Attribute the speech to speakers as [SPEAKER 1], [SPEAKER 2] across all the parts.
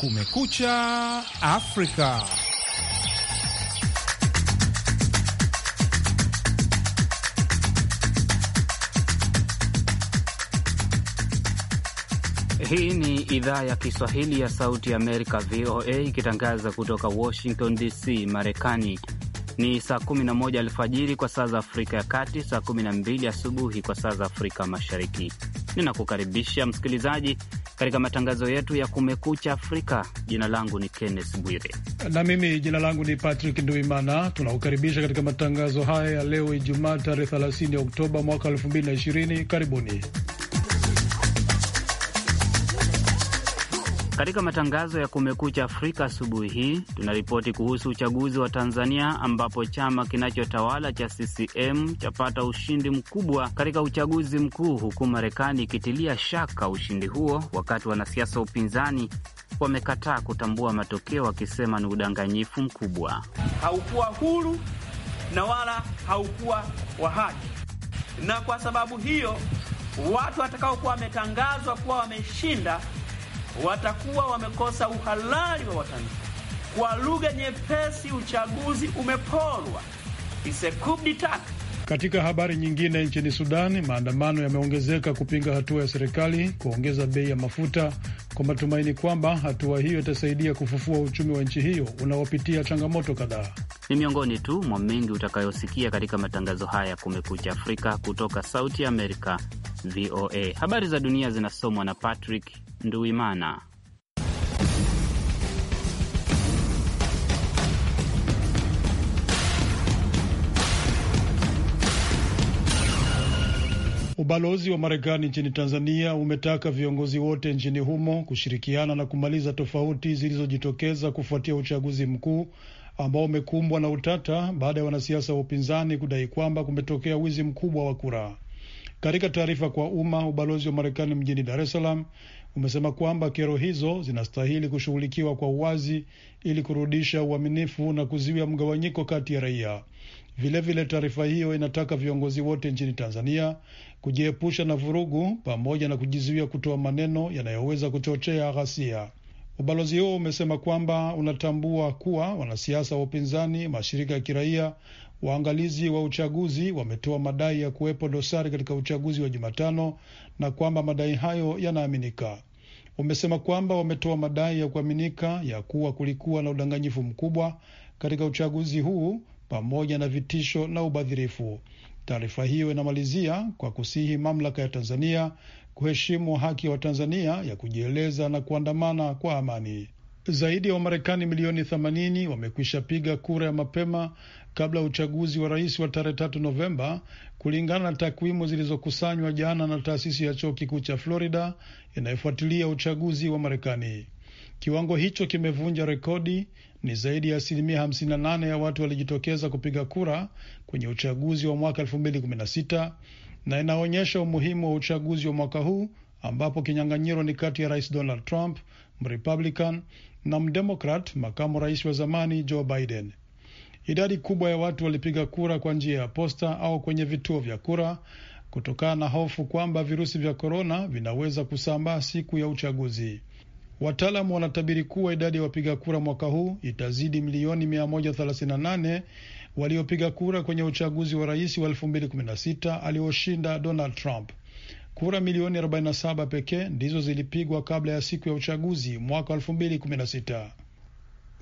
[SPEAKER 1] Kumekucha Afrika.
[SPEAKER 2] Hii ni idhaa ya Kiswahili ya Sauti ya Amerika, VOA, ikitangaza kutoka Washington DC, Marekani. Ni saa 11 alfajiri kwa saa za Afrika ya Kati, saa 12 asubuhi kwa saa za Afrika Mashariki. Ninakukaribisha msikilizaji katika matangazo yetu ya Kumekucha Afrika. Jina langu ni Kenneth Bwire
[SPEAKER 3] na mimi jina langu ni Patrick Nduimana. Tunakukaribisha katika matangazo haya ya leo Ijumaa tarehe 30 Oktoba mwaka 2020. Karibuni.
[SPEAKER 2] Katika matangazo ya Kumekucha Afrika asubuhi hii tunaripoti kuhusu uchaguzi wa Tanzania ambapo chama kinachotawala cha CCM chapata ushindi mkubwa katika uchaguzi mkuu, huku Marekani ikitilia shaka ushindi huo, wakati wanasiasa wa upinzani wamekataa kutambua matokeo, wakisema ni udanganyifu mkubwa.
[SPEAKER 4] Haukuwa huru na wala haukuwa wa haki, na kwa sababu hiyo watu watakaokuwa wametangazwa kuwa wameshinda watakuwa wamekosa uhalali wa Watanzania. Kwa lugha nyepesi, uchaguzi umeporwa.
[SPEAKER 3] Katika habari nyingine, nchini Sudani maandamano yameongezeka kupinga hatua ya serikali kuongeza bei ya mafuta kwa matumaini kwamba hatua hiyo itasaidia kufufua uchumi wa nchi hiyo unaopitia changamoto kadhaa.
[SPEAKER 2] Ni miongoni tu mwa mengi utakayosikia katika matangazo haya ya Kumekucha Afrika kutoka Sauti Amerika, VOA. Habari za dunia zinasomwa na Patrick Nduimana.
[SPEAKER 3] Ubalozi wa Marekani nchini Tanzania umetaka viongozi wote nchini humo kushirikiana na kumaliza tofauti zilizojitokeza kufuatia uchaguzi mkuu ambao umekumbwa na utata baada ya wanasiasa wa upinzani kudai kwamba kumetokea wizi mkubwa wa kura. Katika taarifa kwa umma, ubalozi wa Marekani mjini Dar es Salaam umesema kwamba kero hizo zinastahili kushughulikiwa kwa uwazi ili kurudisha uaminifu na kuziwia mgawanyiko kati ya raia. Vilevile, taarifa hiyo inataka viongozi wote nchini Tanzania kujiepusha na vurugu pamoja na kujizuia kutoa maneno yanayoweza kuchochea ghasia. Ubalozi huo umesema kwamba unatambua kuwa wanasiasa wa upinzani, mashirika ya kiraia, waangalizi wa uchaguzi wametoa madai ya kuwepo dosari katika uchaguzi wa Jumatano na kwamba madai hayo yanaaminika. Umesema kwamba wametoa madai ya kuaminika ya kuwa kulikuwa na udanganyifu mkubwa katika uchaguzi huu pamoja na vitisho na ubadhirifu. Taarifa hiyo inamalizia kwa kusihi mamlaka ya Tanzania kuheshimu haki ya wa Watanzania ya kujieleza na kuandamana kwa amani. Zaidi ya Wamarekani milioni 80 wamekwisha piga kura ya mapema kabla ya uchaguzi wa rais wa tarehe tatu Novemba, kulingana na takwimu zilizokusanywa jana na taasisi ya chuo kikuu cha Florida inayofuatilia uchaguzi wa Marekani. Kiwango hicho kimevunja rekodi. Ni zaidi ya asilimia 58 ya watu walijitokeza kupiga kura kwenye uchaguzi wa mwaka 2016 na inaonyesha umuhimu wa uchaguzi wa mwaka huu ambapo kinyang'anyiro ni kati ya rais Donald Trump mrepublican na mdemokrat makamu rais wa zamani Joe Biden. Idadi kubwa ya watu walipiga kura kwa njia ya posta au kwenye vituo vya kura kutokana na hofu kwamba virusi vya korona vinaweza kusambaa siku ya uchaguzi. Wataalamu wanatabiri kuwa idadi ya wapiga kura mwaka huu itazidi milioni 138 waliopiga kura kwenye uchaguzi wa rais wa 2016 alioshinda Donald Trump. Kura milioni 47 pekee ndizo zilipigwa kabla ya siku ya uchaguzi mwaka 2016.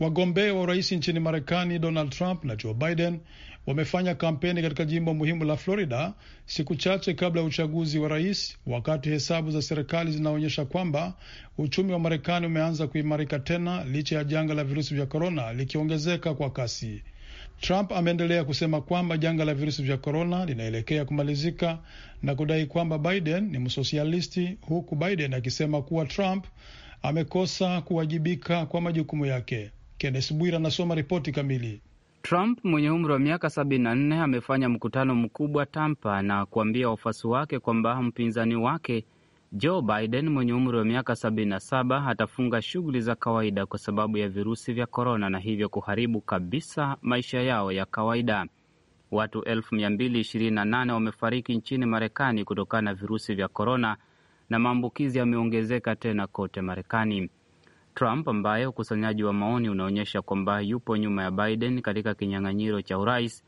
[SPEAKER 3] Wagombea wa urais nchini Marekani, Donald Trump na Joe Biden wamefanya kampeni katika jimbo muhimu la Florida siku chache kabla ya uchaguzi wa rais, wakati hesabu za serikali zinaonyesha kwamba uchumi wa Marekani umeanza kuimarika tena licha ya janga la virusi vya korona likiongezeka kwa kasi. Trump ameendelea kusema kwamba janga la virusi vya korona linaelekea kumalizika na kudai kwamba Biden ni msosialisti, huku Biden akisema kuwa Trump amekosa kuwajibika kwa majukumu yake. Kennes Bwira anasoma ripoti kamili.
[SPEAKER 2] Trump mwenye umri wa miaka 74 amefanya mkutano mkubwa Tampa na kuambia wafuasi wake kwamba mpinzani wake Joe Biden mwenye umri wa miaka 77 atafunga shughuli za kawaida kwa sababu ya virusi vya korona na hivyo kuharibu kabisa maisha yao ya kawaida. Watu 228 wamefariki nchini Marekani kutokana na virusi vya korona na maambukizi yameongezeka tena kote Marekani. Trump ambaye ukusanyaji wa maoni unaonyesha kwamba yupo nyuma ya Biden katika kinyang'anyiro cha urais,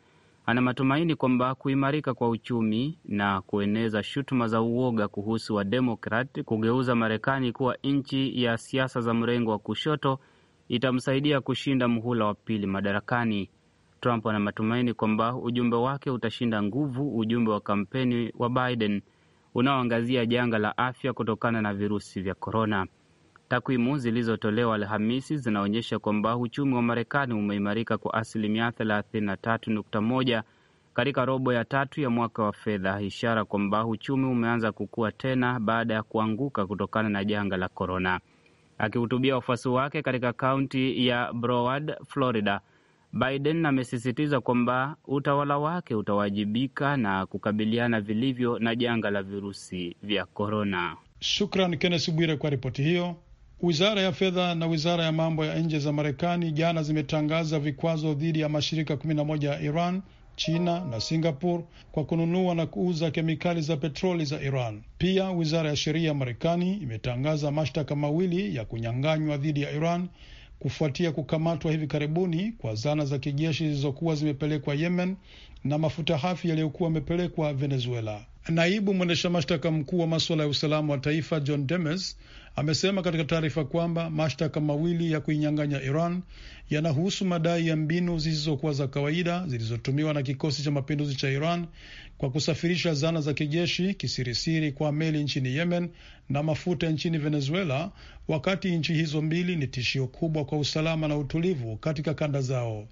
[SPEAKER 2] ana matumaini kwamba kuimarika kwa uchumi na kueneza shutuma za uoga kuhusu Wademokrat kugeuza Marekani kuwa nchi ya siasa za mrengo wa kushoto itamsaidia kushinda mhula wa pili madarakani. Trump ana matumaini kwamba ujumbe wake utashinda nguvu ujumbe wa kampeni wa Biden unaoangazia janga la afya kutokana na virusi vya korona. Takwimu zilizotolewa Alhamisi zinaonyesha kwamba uchumi wa Marekani umeimarika kwa asilimia 33.1 katika robo ya tatu ya mwaka wa fedha, ishara kwamba uchumi umeanza kukua tena baada ya kuanguka kutokana na janga la korona. Akihutubia wafuasi wake katika kaunti ya Broward, Florida, Biden amesisitiza kwamba utawala wake utawajibika na kukabiliana vilivyo na janga la virusi vya korona.
[SPEAKER 3] Shukran Kennes Bwire kwa ripoti hiyo. Wizara ya fedha na wizara ya mambo ya nje za Marekani jana zimetangaza vikwazo dhidi ya mashirika 11 ya Iran, China na Singapore kwa kununua na kuuza kemikali za petroli za Iran. Pia wizara ya sheria ya Marekani imetangaza mashtaka mawili ya kunyang'anywa dhidi ya Iran kufuatia kukamatwa hivi karibuni kwa zana za kijeshi zilizokuwa zimepelekwa Yemen na mafuta hafi yaliyokuwa yamepelekwa Venezuela. Naibu mwendesha mashtaka mkuu wa maswala ya usalama wa taifa John Demes amesema katika taarifa kwamba mashtaka mawili ya kuinyang'anya Iran yanahusu madai ya mbinu zisizokuwa za kawaida zilizotumiwa na kikosi cha mapinduzi cha Iran kwa kusafirisha zana za kijeshi kisirisiri kwa meli nchini Yemen na mafuta nchini Venezuela, wakati nchi hizo mbili ni tishio kubwa kwa usalama na utulivu katika kanda zao.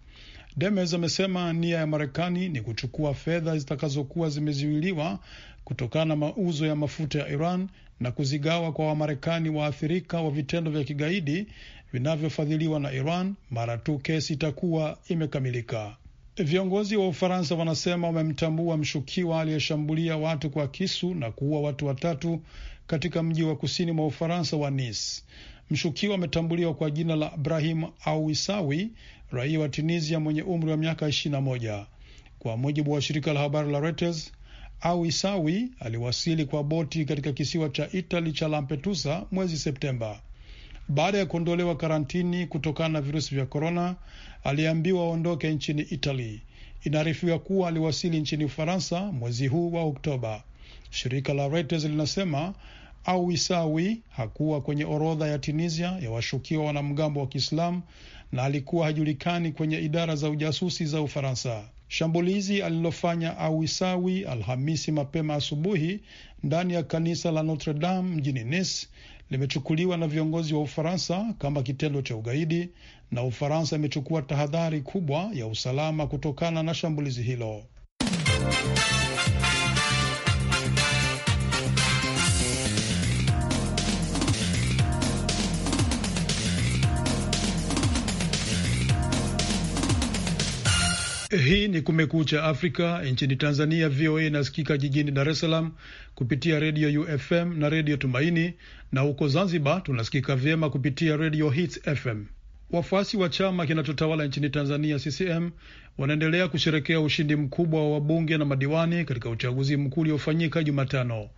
[SPEAKER 3] Demes amesema nia ya Marekani ni kuchukua fedha zitakazokuwa zimezuiliwa kutokana na mauzo ya mafuta ya Iran na kuzigawa kwa Wamarekani waathirika wa vitendo vya kigaidi vinavyofadhiliwa na Iran mara tu kesi itakuwa imekamilika. Viongozi wa Ufaransa wanasema wamemtambua mshukiwa aliyeshambulia watu kwa kisu na kuua watu watatu katika mji wa kusini mwa Ufaransa wa Nice. Mshukiwa ametambuliwa kwa jina la Ibrahim Awisawi, raia wa Tunisia mwenye umri wa miaka ishirini na moja. Kwa mujibu wa shirika la habari la Reuters, Awisawi aliwasili kwa boti katika kisiwa cha Itali cha Lampedusa mwezi Septemba. Baada ya kuondolewa karantini kutokana na virusi vya korona, aliambiwa aondoke nchini Itali. Inaarifiwa kuwa aliwasili nchini Ufaransa mwezi huu wa Oktoba. Shirika la Reuters linasema Isawi hakuwa kwenye orodha ya Tunisia ya washukiwa wanamgambo wa Kiislamu na alikuwa hajulikani kwenye idara za ujasusi za Ufaransa. Shambulizi alilofanya Awisawi Alhamisi mapema asubuhi ndani ya kanisa la Notre Dame mjini Nice limechukuliwa na viongozi wa Ufaransa kama kitendo cha ugaidi na Ufaransa imechukua tahadhari kubwa ya usalama kutokana na shambulizi hilo. Hii ni Kumekucha Afrika. Nchini Tanzania, VOA inasikika jijini Dar es Salaam kupitia redio UFM na redio Tumaini, na huko Zanzibar tunasikika vyema kupitia redio Hits FM. Wafuasi wa chama kinachotawala nchini Tanzania, CCM, wanaendelea kusherekea ushindi mkubwa wa wabunge na madiwani katika uchaguzi mkuu uliofanyika Jumatano.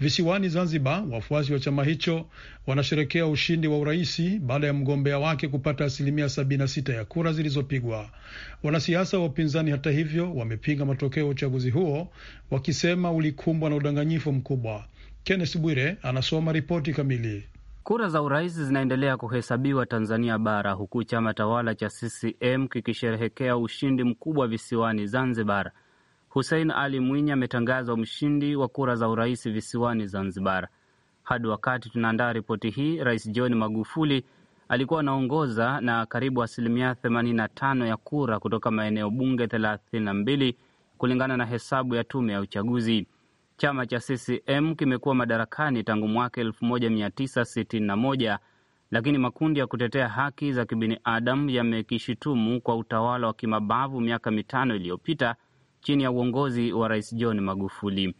[SPEAKER 3] Visiwani Zanzibar, wafuasi wa chama hicho wanasherekea ushindi wa uraisi baada ya mgombea wake kupata asilimia sabini na sita ya kura zilizopigwa. Wanasiasa wa upinzani, hata hivyo, wamepinga matokeo ya uchaguzi huo wakisema ulikumbwa na udanganyifu mkubwa. Kenneth Bwire anasoma ripoti kamili.
[SPEAKER 2] Kura za urais zinaendelea kuhesabiwa Tanzania bara huku chama tawala cha CCM kikisherehekea ushindi mkubwa visiwani Zanzibar. Hussein Ali Mwinyi ametangazwa mshindi wa kura za urais visiwani Zanzibar. Hadi wakati tunaandaa ripoti hii, Rais John Magufuli alikuwa anaongoza na karibu asilimia 85 ya kura kutoka maeneo bunge 32 kulingana na hesabu ya tume ya uchaguzi. Chama cha CCM kimekuwa madarakani tangu mwaka 1961 lakini makundi ya kutetea haki za kibinadamu yamekishutumu kwa utawala wa kimabavu miaka mitano iliyopita chini ya uongozi wa Rais John Magufuli.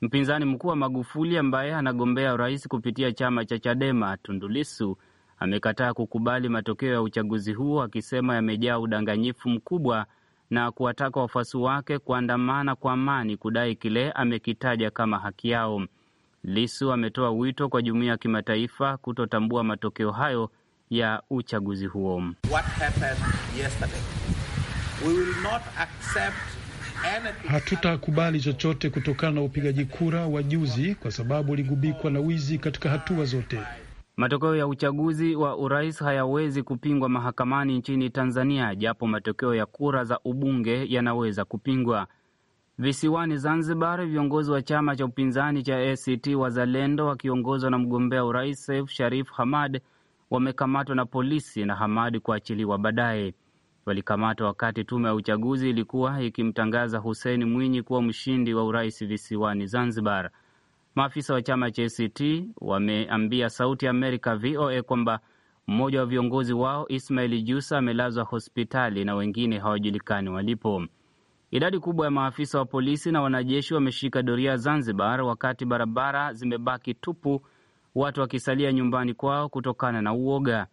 [SPEAKER 2] Mpinzani mkuu wa Magufuli ambaye anagombea urais kupitia chama cha Chadema, Tundulisu amekataa kukubali matokeo ya uchaguzi huo akisema yamejaa udanganyifu mkubwa na kuwataka wafuasi wake kuandamana kwa amani kudai kile amekitaja kama haki yao. Lisu ametoa wito kwa jumuiya ya kimataifa kutotambua matokeo hayo ya uchaguzi huo.
[SPEAKER 3] Hatutakubali chochote kutokana na upigaji kura wa juzi, kwa sababu uligubikwa na wizi katika hatua zote.
[SPEAKER 2] Matokeo ya uchaguzi wa urais hayawezi kupingwa mahakamani nchini Tanzania, japo matokeo ya kura za ubunge yanaweza kupingwa. Visiwani Zanzibar, viongozi wa chama cha upinzani cha ACT Wazalendo wakiongozwa na mgombea urais Seif Sharif Hamad wamekamatwa na polisi na Hamad kuachiliwa baadaye. Walikamatwa wakati tume ya uchaguzi ilikuwa ikimtangaza husen Mwinyi kuwa mshindi wa urais visiwani Zanzibar. Maafisa wa chama cha ACT wameambia Sauti ya Amerika VOA kwamba mmoja wa viongozi wao Ismail Jusa amelazwa hospitali na wengine hawajulikani walipo. Idadi kubwa ya maafisa wa polisi na wanajeshi wameshika doria Zanzibar, wakati barabara zimebaki tupu, watu wakisalia nyumbani kwao kutokana na uoga.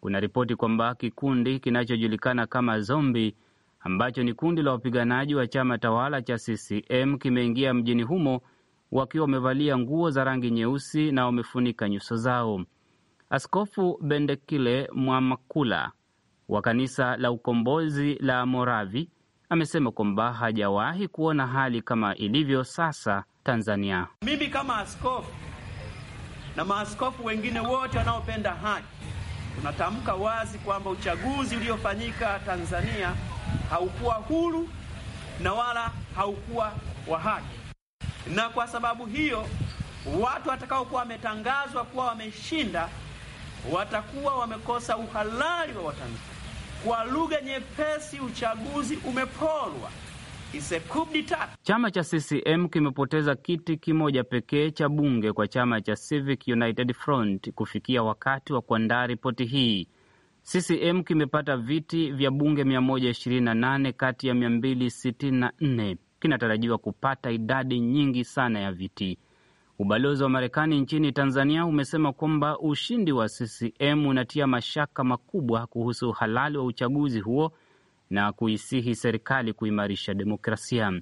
[SPEAKER 2] Kuna ripoti kwamba kikundi kinachojulikana kama Zombi, ambacho ni kundi la wapiganaji wa chama tawala cha CCM, kimeingia mjini humo wakiwa wamevalia nguo za rangi nyeusi na wamefunika nyuso zao. Askofu Bendekile Mwamakula wa kanisa la ukombozi la Moravi amesema kwamba hajawahi kuona hali kama ilivyo sasa Tanzania.
[SPEAKER 4] Mimi kama askofu na maaskofu wengine wote wanaopenda haki tunatamka wazi kwamba uchaguzi uliofanyika Tanzania haukuwa huru na wala haukuwa wa haki na kwa sababu hiyo watu watakaokuwa wametangazwa kuwa wameshinda watakuwa wamekosa uhalali wa Watanzania. Kwa lugha nyepesi, uchaguzi umepolwa.
[SPEAKER 2] Chama cha CCM kimepoteza kiti kimoja pekee cha bunge kwa chama cha Civic United Front. Kufikia wakati wa kuandaa ripoti hii, CCM kimepata viti vya bunge 128 kati ya 264 kinatarajiwa kupata idadi nyingi sana ya viti. Ubalozi wa Marekani nchini Tanzania umesema kwamba ushindi wa CCM unatia mashaka makubwa kuhusu uhalali wa uchaguzi huo na kuisihi serikali kuimarisha demokrasia.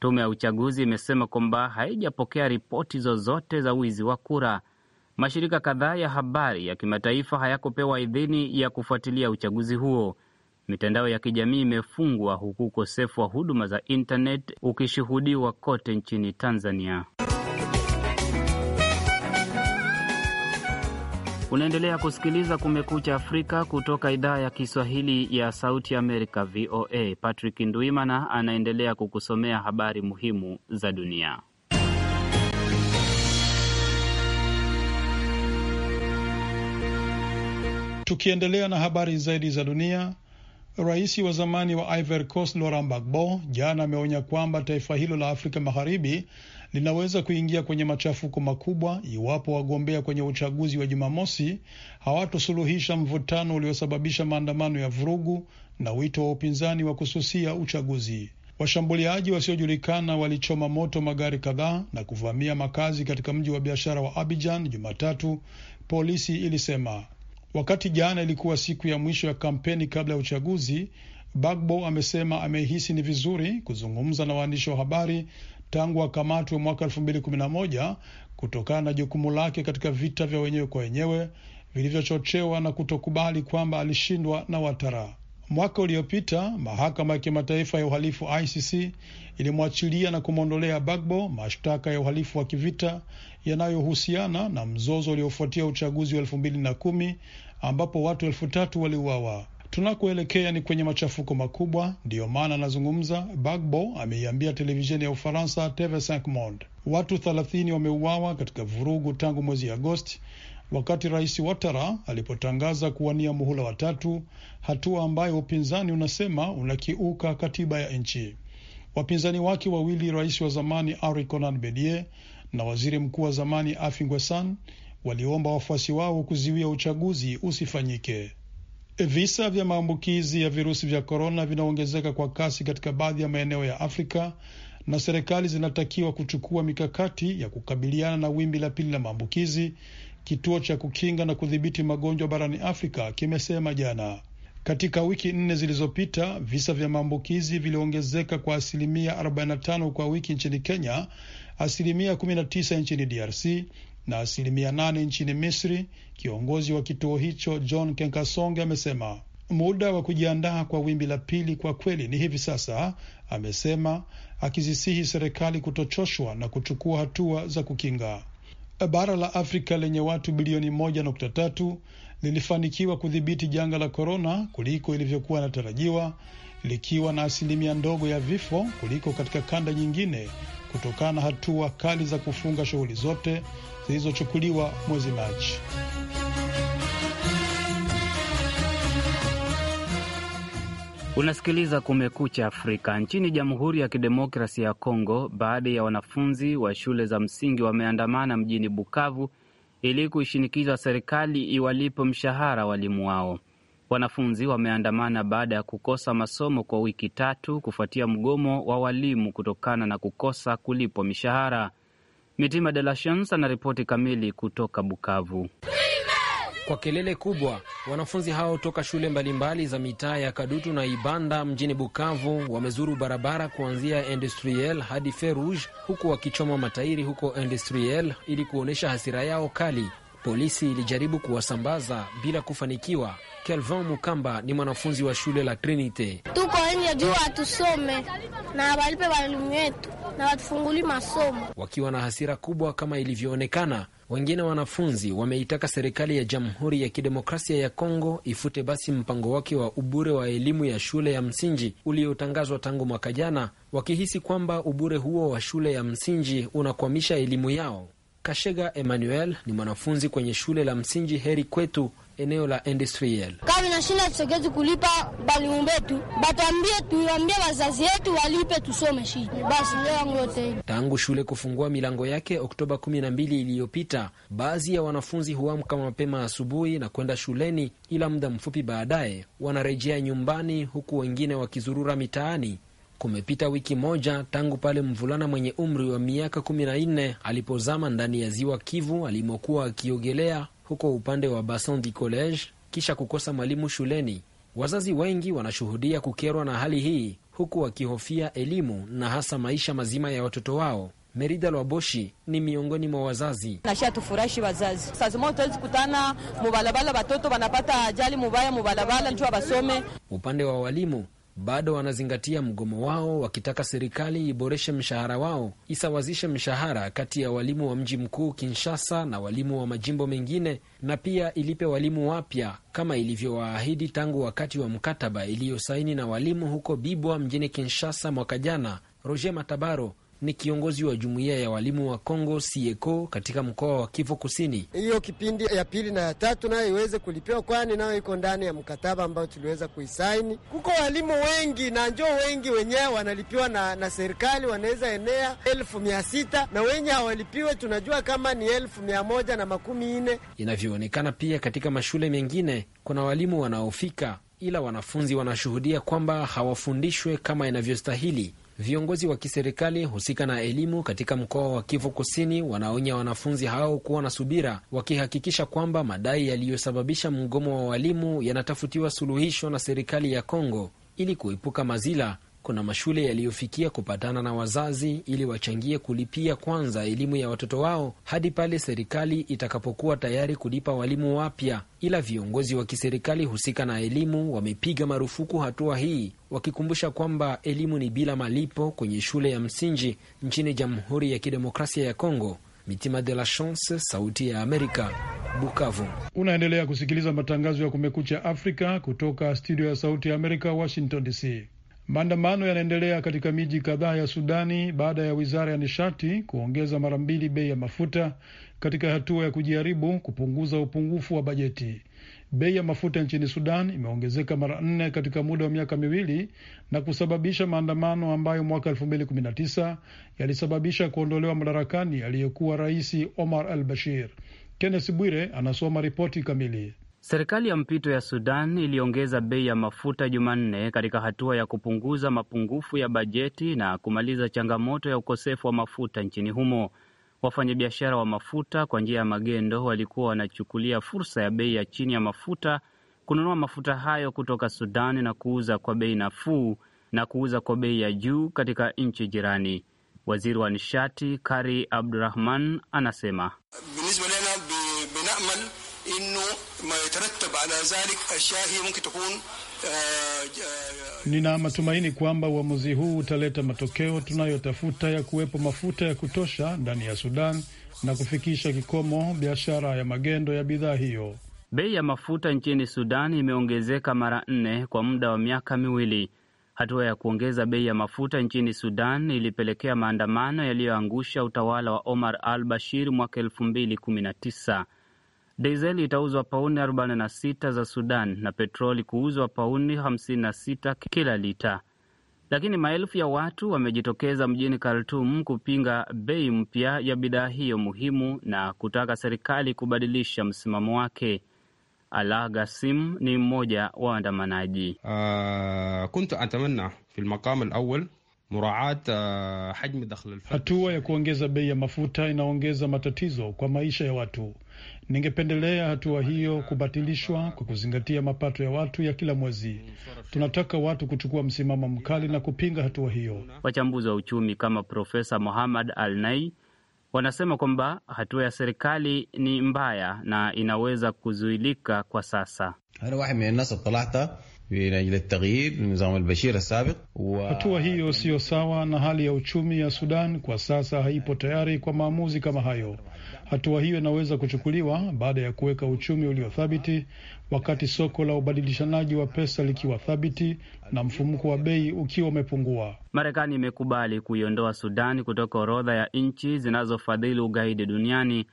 [SPEAKER 2] Tume ya uchaguzi imesema kwamba haijapokea ripoti zozote za wizi wa kura. Mashirika kadhaa ya habari ya kimataifa hayakupewa idhini ya kufuatilia uchaguzi huo. Mitandao ya kijamii imefungwa huku ukosefu wa huduma za intanet ukishuhudiwa kote nchini Tanzania. Unaendelea kusikiliza Kumekucha Afrika kutoka idhaa ya Kiswahili ya Sauti Amerika, VOA. Patrick Ndwimana anaendelea kukusomea habari muhimu za dunia.
[SPEAKER 3] Tukiendelea na habari zaidi za dunia, Rais wa zamani wa Ivory Coast Laurent Gbagbo jana ameonya kwamba taifa hilo la Afrika Magharibi linaweza kuingia kwenye machafuko makubwa iwapo wagombea kwenye uchaguzi wa Jumamosi hawatosuluhisha mvutano uliosababisha maandamano ya vurugu na wito wa upinzani wa kususia uchaguzi. Washambuliaji wasiojulikana walichoma moto magari kadhaa na kuvamia makazi katika mji wa biashara wa Abidjan Jumatatu, polisi ilisema. Wakati jana ilikuwa siku ya mwisho ya kampeni kabla ya uchaguzi, Bagbo amesema amehisi ni vizuri kuzungumza na waandishi wa habari tangu akamatwe mwaka elfu mbili kumi na moja kutokana na jukumu lake katika vita vya wenyewe kwa wenyewe vilivyochochewa na kutokubali kwamba alishindwa na Watara. Mwaka uliopita mahakama ya kimataifa ya uhalifu ICC ilimwachilia na kumwondolea Bagbo mashtaka ya uhalifu wa kivita yanayohusiana na mzozo uliofuatia uchaguzi wa elfu mbili na kumi ambapo watu elfu tatu waliuawa. Tunakoelekea ni kwenye machafuko makubwa, ndiyo maana anazungumza, Bagbo ameiambia televisheni ya Ufaransa TV5 Monde. Watu thelathini wameuawa katika vurugu tangu mwezi Agosti wakati Rais Watara alipotangaza kuwania muhula watatu, hatua ambayo upinzani unasema unakiuka katiba ya nchi. Wapinzani wake wawili, rais wa zamani Ari Conan Bedie na waziri mkuu wa zamani Afi Ngwesan, waliomba wafuasi wao kuziwia uchaguzi usifanyike. Visa vya maambukizi ya virusi vya korona vinaongezeka kwa kasi katika baadhi ya maeneo ya Afrika na serikali zinatakiwa kuchukua mikakati ya kukabiliana na wimbi la pili la maambukizi kituo cha kukinga na kudhibiti magonjwa barani Afrika kimesema jana. Katika wiki nne zilizopita visa vya maambukizi viliongezeka kwa asilimia 45 kwa wiki nchini Kenya, asilimia 19 nchini DRC na asilimia 8 nchini Misri. Kiongozi wa kituo hicho John Kenkasonge amesema muda wa kujiandaa kwa wimbi la pili kwa kweli ni hivi sasa, amesema akizisihi serikali kutochoshwa na kuchukua hatua za kukinga. Eh, bara la Afrika lenye watu bilioni moja nukta tatu lilifanikiwa kudhibiti janga la korona kuliko ilivyokuwa inatarajiwa, likiwa na asilimia ndogo ya vifo kuliko katika kanda nyingine, kutokana na hatua kali za kufunga shughuli zote zilizochukuliwa mwezi Machi. Unasikiliza
[SPEAKER 2] Kumekucha Afrika. Nchini Jamhuri ya Kidemokrasia ya Kongo, baadhi ya wanafunzi wa shule za msingi wameandamana mjini Bukavu ili kuishinikiza serikali iwalipe mshahara walimu wao. Wanafunzi wameandamana baada ya kukosa masomo kwa wiki tatu kufuatia mgomo wa walimu kutokana na kukosa kulipwa mishahara. Mitima De La Chance ana ripoti kamili kutoka Bukavu.
[SPEAKER 5] Kwa kelele kubwa, wanafunzi hao toka shule mbalimbali za mitaa ya Kadutu na Ibanda mjini Bukavu wamezuru barabara kuanzia Industriel hadi Ferouge, huku wakichoma matairi huko Industriel ili kuonyesha hasira yao kali. Polisi ilijaribu kuwasambaza bila kufanikiwa. Kelvin Mukamba ni mwanafunzi wa shule la Trinite.
[SPEAKER 6] Tuko nje juu
[SPEAKER 2] watusome na walipe walimu wetu na watufunguli masomo,
[SPEAKER 5] wakiwa na hasira kubwa kama ilivyoonekana wengine wanafunzi wameitaka serikali ya Jamhuri ya Kidemokrasia ya Kongo ifute basi mpango wake wa ubure wa elimu ya shule ya msingi uliotangazwa tangu mwaka jana, wakihisi kwamba ubure huo wa shule ya msingi unakwamisha elimu yao. Kashega Emmanuel ni mwanafunzi kwenye shule la msingi Heri Kwetu, eneo la industrial. Kama na shule kulipa balimu betu, batuambie tuambie wazazi yetu walipe tusome shii. Basi leo Tangu shule kufungua milango yake Oktoba 12 iliyopita, baadhi ya wanafunzi huamka mapema asubuhi na kwenda shuleni, ila muda mfupi baadaye wanarejea nyumbani, huku wengine wakizurura mitaani Kumepita wiki moja tangu pale mvulana mwenye umri wa miaka kumi na nne alipozama ndani ya ziwa Kivu alimokuwa akiogelea huko upande wa Bassin du College kisha kukosa mwalimu shuleni. Wazazi wengi wanashuhudia kukerwa na hali hii, huku wakihofia elimu na hasa maisha mazima ya watoto wao. Merida Lwaboshi ni miongoni mwa wazazi.
[SPEAKER 1] Nashia tufurashi wazazi, sazima tuwezi kutana mubalabala, watoto wanapata ajali mubaya mubalabala, njua basome.
[SPEAKER 5] Upande wa walimu bado wanazingatia mgomo wao wakitaka serikali iboreshe mshahara wao, isawazishe mshahara kati ya walimu wa mji mkuu Kinshasa na walimu wa majimbo mengine, na pia ilipe walimu wapya kama ilivyowaahidi tangu wakati wa mkataba iliyosaini na walimu huko Bibwa mjini Kinshasa mwaka jana. Roger Matabaro ni kiongozi wa jumuiya ya walimu wa congo sieko katika mkoa wa Kivu Kusini. Hiyo kipindi ya pili na ya tatu nayo iweze kulipiwa, kwani nayo iko ndani ya mkataba ambayo tuliweza kuisaini. Kuko walimu wengi na njo wengi wenyewe wanalipiwa na, na serikali wanaweza enea elfu mia sita na wenye hawalipiwe tunajua kama ni elfu mia moja na makumi nne inavyoonekana. Pia katika mashule mengine kuna walimu wanaofika ila wanafunzi wanashuhudia kwamba hawafundishwe kama inavyostahili. Viongozi wa kiserikali husika na elimu katika mkoa wa Kivu Kusini wanaonya wanafunzi hao kuwa na subira, wakihakikisha kwamba madai yaliyosababisha mgomo wa walimu yanatafutiwa suluhisho na serikali ya Kongo ili kuepuka mazila kuna mashule yaliyofikia kupatana na wazazi ili wachangie kulipia kwanza elimu ya watoto wao hadi pale serikali itakapokuwa tayari kulipa walimu wapya, ila viongozi wa kiserikali husika na elimu wamepiga marufuku hatua hii, wakikumbusha kwamba elimu ni bila malipo kwenye shule ya msingi nchini Jamhuri ya Kidemokrasia ya Kongo. Mitima de la Chance, Sauti ya Amerika, Bukavu. Unaendelea kusikiliza
[SPEAKER 3] matangazo ya Kumekucha Afrika kutoka studio ya Sauti ya Amerika, Washington DC. Maandamano yanaendelea katika miji kadhaa ya Sudani baada ya wizara ya nishati kuongeza mara mbili bei ya mafuta katika hatua ya kujaribu kupunguza upungufu wa bajeti. Bei ya mafuta nchini Sudan imeongezeka mara nne katika muda wa miaka miwili na kusababisha maandamano ambayo mwaka elfu mbili kumi na tisa yalisababisha kuondolewa madarakani aliyekuwa rais Omar al Bashir. Kennes Bwire anasoma ripoti kamili.
[SPEAKER 2] Serikali ya mpito ya Sudan iliongeza bei ya mafuta Jumanne katika hatua ya kupunguza mapungufu ya bajeti na kumaliza changamoto ya ukosefu wa mafuta nchini humo. Wafanyabiashara wa mafuta kwa njia ya magendo walikuwa wanachukulia fursa ya bei ya chini ya mafuta kununua mafuta hayo kutoka Sudan na kuuza kwa bei nafuu na kuuza kwa bei ya juu katika nchi jirani. Waziri wa nishati Kari Abdurahman anasema
[SPEAKER 4] Inu, tafun, uh,
[SPEAKER 3] nina matumaini kwamba uamuzi huu utaleta matokeo tunayotafuta ya kuwepo mafuta ya kutosha ndani ya Sudan na kufikisha kikomo biashara ya magendo ya bidhaa hiyo. Bei ya
[SPEAKER 2] mafuta nchini Sudan imeongezeka mara nne kwa muda wa miaka miwili. Hatua ya kuongeza bei ya mafuta nchini Sudan ilipelekea maandamano yaliyoangusha utawala wa Omar al Bashir mwaka elfu mbili kumi na tisa. Dizeli itauzwa pauni 46 za Sudan na petroli kuuzwa pauni 56 kila lita. Lakini maelfu ya watu wamejitokeza mjini Khartum kupinga bei mpya ya bidhaa hiyo muhimu na kutaka serikali kubadilisha msimamo wake. Ala Gasim ni mmoja wa waandamanaji. Uh, kuntu atamanna fi lmaqam muraat uh, hajmi
[SPEAKER 3] Hatua ya kuongeza bei ya mafuta inaongeza matatizo kwa maisha ya watu Ningependelea hatua hiyo kubatilishwa kwa kuzingatia mapato ya watu ya kila mwezi. Tunataka watu kuchukua msimamo mkali na kupinga hatua hiyo.
[SPEAKER 2] Wachambuzi wa uchumi kama Profesa al nai wanasema kwamba hatua ya serikali ni mbaya na inaweza kuzuilika kwa sasa.
[SPEAKER 3] Hatua hiyo siyo sawa na hali ya uchumi ya Sudan kwa sasa haipo tayari kwa maamuzi kama hayo. Hatua hiyo inaweza kuchukuliwa baada ya kuweka uchumi uliothabiti, wakati soko la ubadilishanaji wa pesa likiwa thabiti na mfumuko wa bei ukiwa umepungua.
[SPEAKER 2] Marekani imekubali kuiondoa Sudani kutoka orodha ya nchi zinazofadhili ugaidi duniani,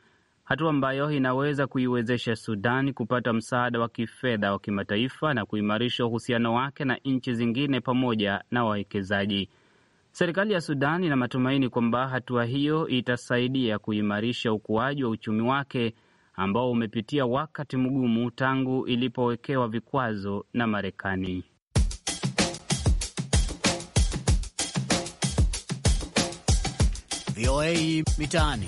[SPEAKER 2] hatua ambayo inaweza kuiwezesha Sudani kupata msaada wa kifedha wa kimataifa na kuimarisha uhusiano wake na nchi zingine pamoja na wawekezaji. Serikali ya Sudan ina matumaini kwamba hatua hiyo itasaidia kuimarisha ukuaji wa uchumi wake ambao umepitia wakati mgumu tangu ilipowekewa vikwazo na Marekani. VOA Mitaani.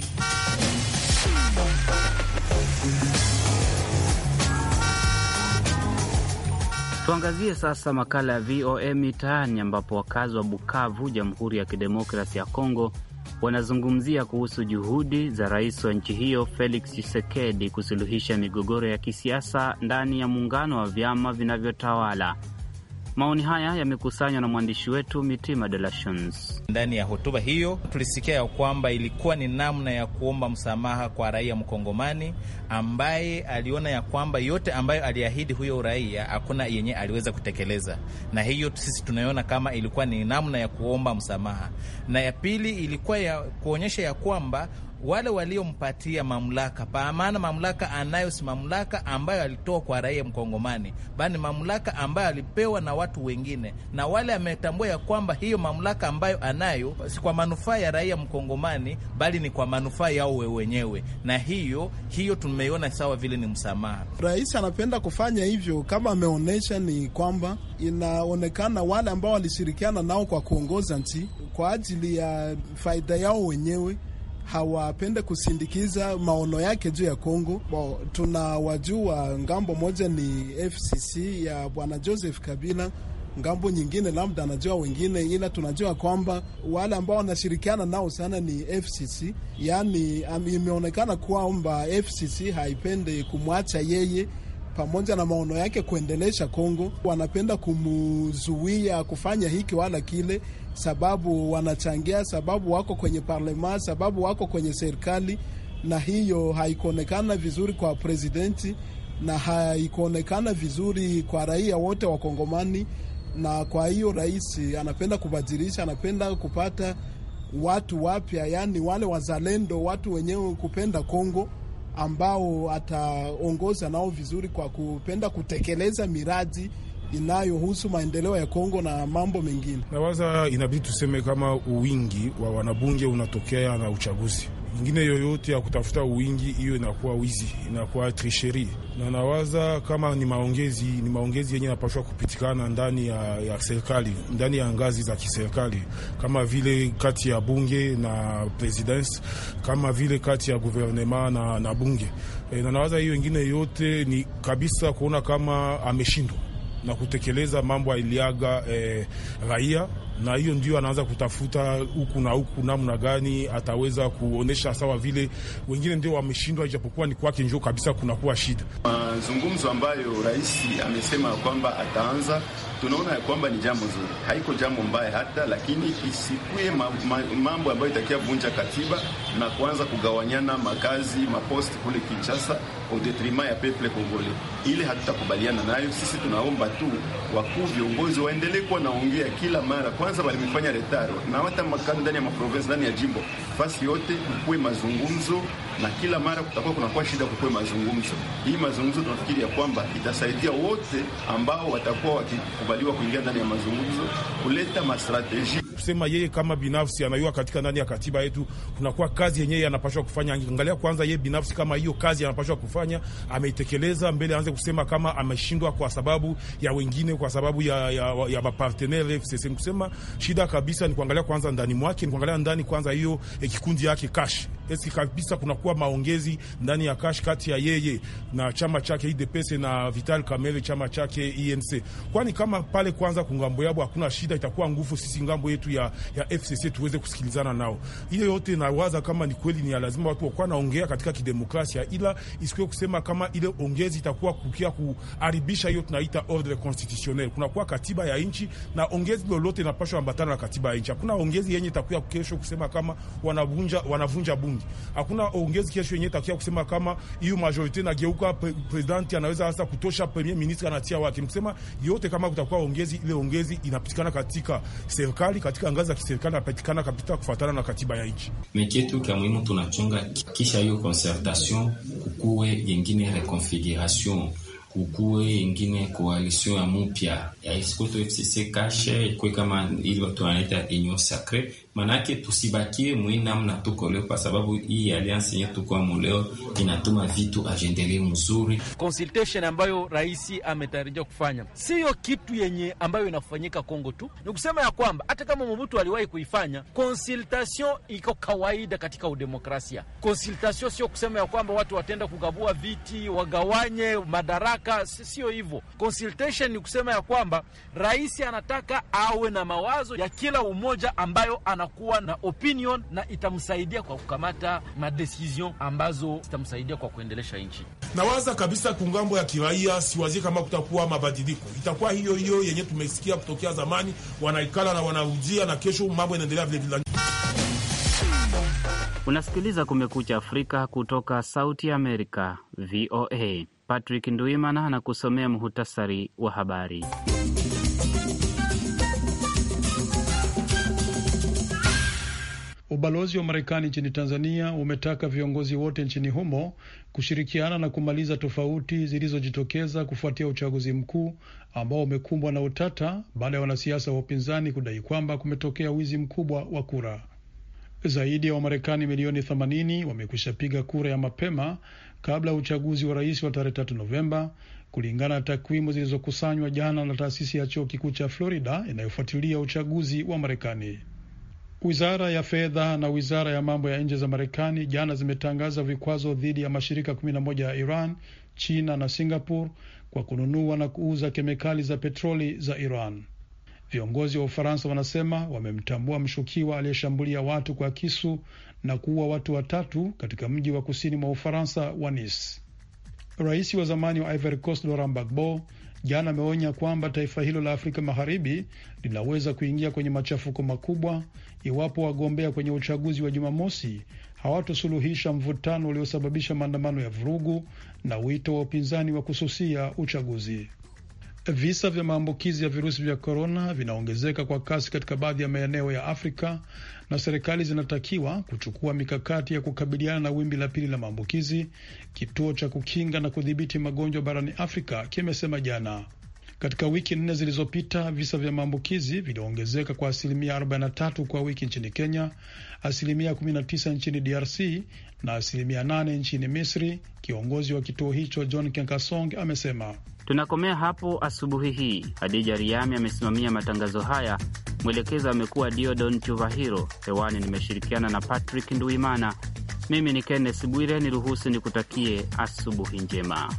[SPEAKER 2] Tuangazie sasa makala ya VOA Mitaani, ambapo wakazi wa Bukavu, Jamhuri ya Kidemokrasi ya Kongo, wanazungumzia kuhusu juhudi za rais wa nchi hiyo Felix Tshisekedi kusuluhisha migogoro ya kisiasa ndani ya muungano wa vyama vinavyotawala. Maoni haya yamekusanywa na mwandishi wetu Mitima De La Ndani ya hotuba hiyo
[SPEAKER 4] tulisikia ya kwamba
[SPEAKER 2] ilikuwa ni namna ya
[SPEAKER 4] kuomba msamaha kwa raia mkongomani ambaye aliona ya kwamba yote ambayo aliahidi huyo raia hakuna yenye aliweza kutekeleza, na hiyo sisi tunaiona kama ilikuwa ni namna ya kuomba msamaha, na ya pili ilikuwa ya kuonyesha ya kwamba wale waliompatia mamlaka, kwa maana mamlaka anayo si mamlaka ambayo alitoa kwa raia mkongomani, bali mamlaka ambayo alipewa na watu wengine, na wale ametambua ya kwamba hiyo mamlaka ambayo anayo si kwa manufaa ya raia mkongomani, bali ni kwa manufaa yao we wenyewe, na hiyo hiyo tumeiona sawa vile ni msamaha.
[SPEAKER 6] Rais anapenda kufanya hivyo kama ameonyesha ni kwamba inaonekana wale ambao walishirikiana nao kwa kuongoza nchi kwa ajili ya faida yao wenyewe hawapende kusindikiza maono yake juu ya Kongo. Bo, tunawajua ngambo moja ni FCC ya bwana Joseph Kabila, ngambo nyingine labda anajua wengine, ila tunajua kwamba wale ambao wanashirikiana nao sana ni FCC. Yaani imeonekana kwamba FCC haipende kumwacha yeye pamoja na maono yake kuendelesha Kongo, wanapenda kumzuia kufanya hiki wala kile, sababu wanachangia, sababu wako kwenye parlema, sababu wako kwenye serikali, na hiyo haikuonekana vizuri kwa presidenti na haikuonekana vizuri kwa raia wote wa Kongomani. Na kwa hiyo rais anapenda kubadilisha, anapenda kupata watu wapya, yaani wale wazalendo, watu wenyewe kupenda Kongo ambao ataongoza nao vizuri kwa kupenda kutekeleza miradi inayohusu maendeleo ya Kongo na mambo mengine.
[SPEAKER 1] Nawaza inabidi tuseme kama uwingi wa wanabunge unatokea na uchaguzi nyingine yoyote ya kutafuta uwingi, hiyo inakuwa wizi, inakuwa trisheri, na nawaza kama ni maongezi, ni maongezi yenye napashwa kupitikana ndani ya, ya serikali, ndani ya ngazi za kiserikali, kama vile kati ya bunge na presidence, kama vile kati ya guvernema na, na bunge e, na nawaza hiyo ingine yote ni kabisa kuona kama ameshindwa na kutekeleza mambo aliaga e, raia na hiyo ndio anaanza kutafuta huku na huku, namna gani ataweza kuonesha sawa vile wengine ndio wameshindwa, ijapokuwa ni kwake njoo kabisa kunakuwa shida.
[SPEAKER 6] Mazungumzo ambayo rais amesema kwamba ataanza, tunaona ya kwamba ni jambo zuri, haiko jambo mbaya hata, lakini isikuwe mambo ambayo itakia vunja katiba na kuanza kugawanyana makazi maposti kule Kinshasa au detriment ya peuple congolais. Ile hatutakubaliana nayo sisi, tunaomba tu wakuu viongozi waendelee kuwa naongea kila mara kwa kwanza walimfanya retaro na hata makani ndani ya maprovensi ndani ya jimbo fasi yote kukuwe mazungumzo, na kila mara kutakuwa kunakuwa shida kukuwe mazungumzo. Hii mazungumzo tunafikiri ya kwamba itasaidia wote ambao watakuwa wakikubaliwa kuingia ndani ya mazungumzo kuleta mastrateji
[SPEAKER 1] kusema yeye kama binafsi anayua katika ndani ya katiba yetu kunakuwa kazi yenyewe anapashwa kufanya. Angalia kwanza yeye binafsi kama hiyo kazi anapashwa kufanya ameitekeleza mbele, aanze kusema kama ameshindwa kwa sababu ya wengine, kwa sababu ya ya, ya mapartenere FCC kusema Shida kabisa ni kuangalia kwanza ndani mwake, ni kuangalia ndani kwanza hiyo eh, kikundi yake kash eski kabisa kunakuwa maongezi ndani ya kash kati ya yeye na chama chake IDPS na Vital Kamele chama chake INC, kwani kama pale kwanza kungambo yabo hakuna shida, itakuwa nguvu sisi ngambo yetu ya, ya FCC tuweze kusikilizana nao. Hiyo yote nawaza kama ni kweli ni lazima watu wakuwa naongea katika kidemokrasia, ila isikiwe kusema kama ile ongezi itakuwa kukia kuharibisha hiyo tunaita ordre constitutionnel. Kunakuwa katiba ya nchi na ongezi lolote na watakachoambatana na katiba ya nchi. Hakuna ongezi yenye itakuya kesho kusema kama wanavunja wanavunja bunge. Hakuna ongezi kesho yenye itakuya kusema kama hiyo majorite na geuka pre president anaweza hasa kutosha premier ministre anatia wake. Nikusema yote kama kutakuwa ongezi, ile ongezi inapatikana katika serikali, katika ngazi ya kiserikali inapatikana kabisa kufuatana na katiba ya nchi.
[SPEAKER 2] Ni kitu cha muhimu tunachunga, kisha hiyo concertation kukuwe yengine reconfiguration kukue ingine koalisio ya mupya ya Escoto FCC Kashe ikuwe kama ile watu wanaita Union Sacre Manake tusibakie mwi namna tuko leo, kwa sababu hii
[SPEAKER 4] alliance yenye tukwamo leo inatuma vitu ajendelee mzuri. Consultation ambayo rais ametarajia kufanya siyo kitu yenye ambayo inafanyika Kongo tu, ni kusema ya kwamba hata kama Mobutu aliwahi kuifanya consultation, iko kawaida katika udemokrasia. Consultation sio kusema ya kwamba watu watenda kugabua viti wagawanye madaraka, sio hivyo. Consultation ni kusema ya kwamba rais anataka awe na mawazo ya kila umoja ambayo ana anakuwa na opinion na itamsaidia kwa kukamata madecision ambazo zitamsaidia kwa kuendelesha nchi.
[SPEAKER 1] Nawaza kabisa kungambo ya kiraia, siwazie kama kutakuwa mabadiliko, itakuwa hiyo hiyo yenye tumesikia kutokea zamani, wanaikala na wanarudia na kesho mambo yanaendelea vilevile.
[SPEAKER 2] Unasikiliza Kumekucha Afrika kutoka Sauti ya Amerika, VOA. Patrick Nduimana anakusomea muhutasari wa habari.
[SPEAKER 3] Ubalozi wa Marekani nchini Tanzania umetaka viongozi wote nchini humo kushirikiana na kumaliza tofauti zilizojitokeza kufuatia uchaguzi mkuu ambao umekumbwa na utata baada ya wanasiasa wa upinzani kudai kwamba kumetokea wizi mkubwa wa kura. Zaidi ya Wamarekani milioni 80 wamekwisha piga kura ya mapema kabla ya uchaguzi wa rais wa tarehe 3 Novemba, kulingana na takwimu zilizokusanywa jana na taasisi ya chuo kikuu cha Florida inayofuatilia uchaguzi wa Marekani. Wizara ya fedha na wizara ya mambo ya nje za Marekani jana zimetangaza vikwazo dhidi ya mashirika kumi na moja ya Iran, China na Singapore kwa kununua na kuuza kemikali za petroli za Iran. Viongozi wa Ufaransa wanasema wamemtambua mshukiwa aliyeshambulia watu kwa kisu na kuua watu watatu katika mji wa kusini mwa Ufaransa wa Nice. Rais wa zamani wa Ivory Coast Laurent Gbagbo Jana ameonya kwamba taifa hilo la Afrika Magharibi linaweza kuingia kwenye machafuko makubwa iwapo wagombea kwenye uchaguzi wa Jumamosi hawatosuluhisha mvutano uliosababisha maandamano ya vurugu na wito wa upinzani wa kususia uchaguzi. Visa vya maambukizi ya virusi vya korona vinaongezeka kwa kasi katika baadhi ya maeneo ya Afrika na serikali zinatakiwa kuchukua mikakati ya kukabiliana na wimbi la pili la maambukizi, kituo cha kukinga na kudhibiti magonjwa barani Afrika kimesema jana. Katika wiki nne zilizopita visa vya maambukizi viliongezeka kwa asilimia 43 kwa wiki nchini Kenya, asilimia 19 nchini DRC na asilimia 8 nchini Misri. Kiongozi wa kituo hicho John Kenkasong amesema
[SPEAKER 2] Tunakomea hapo asubuhi hii. Hadija Riami amesimamia matangazo haya, mwelekezo amekuwa Diodon Chuvahiro. Hewani nimeshirikiana na Patrick Nduimana. Mimi ni Kenneth Bwire, niruhusu nikutakie asubuhi njema.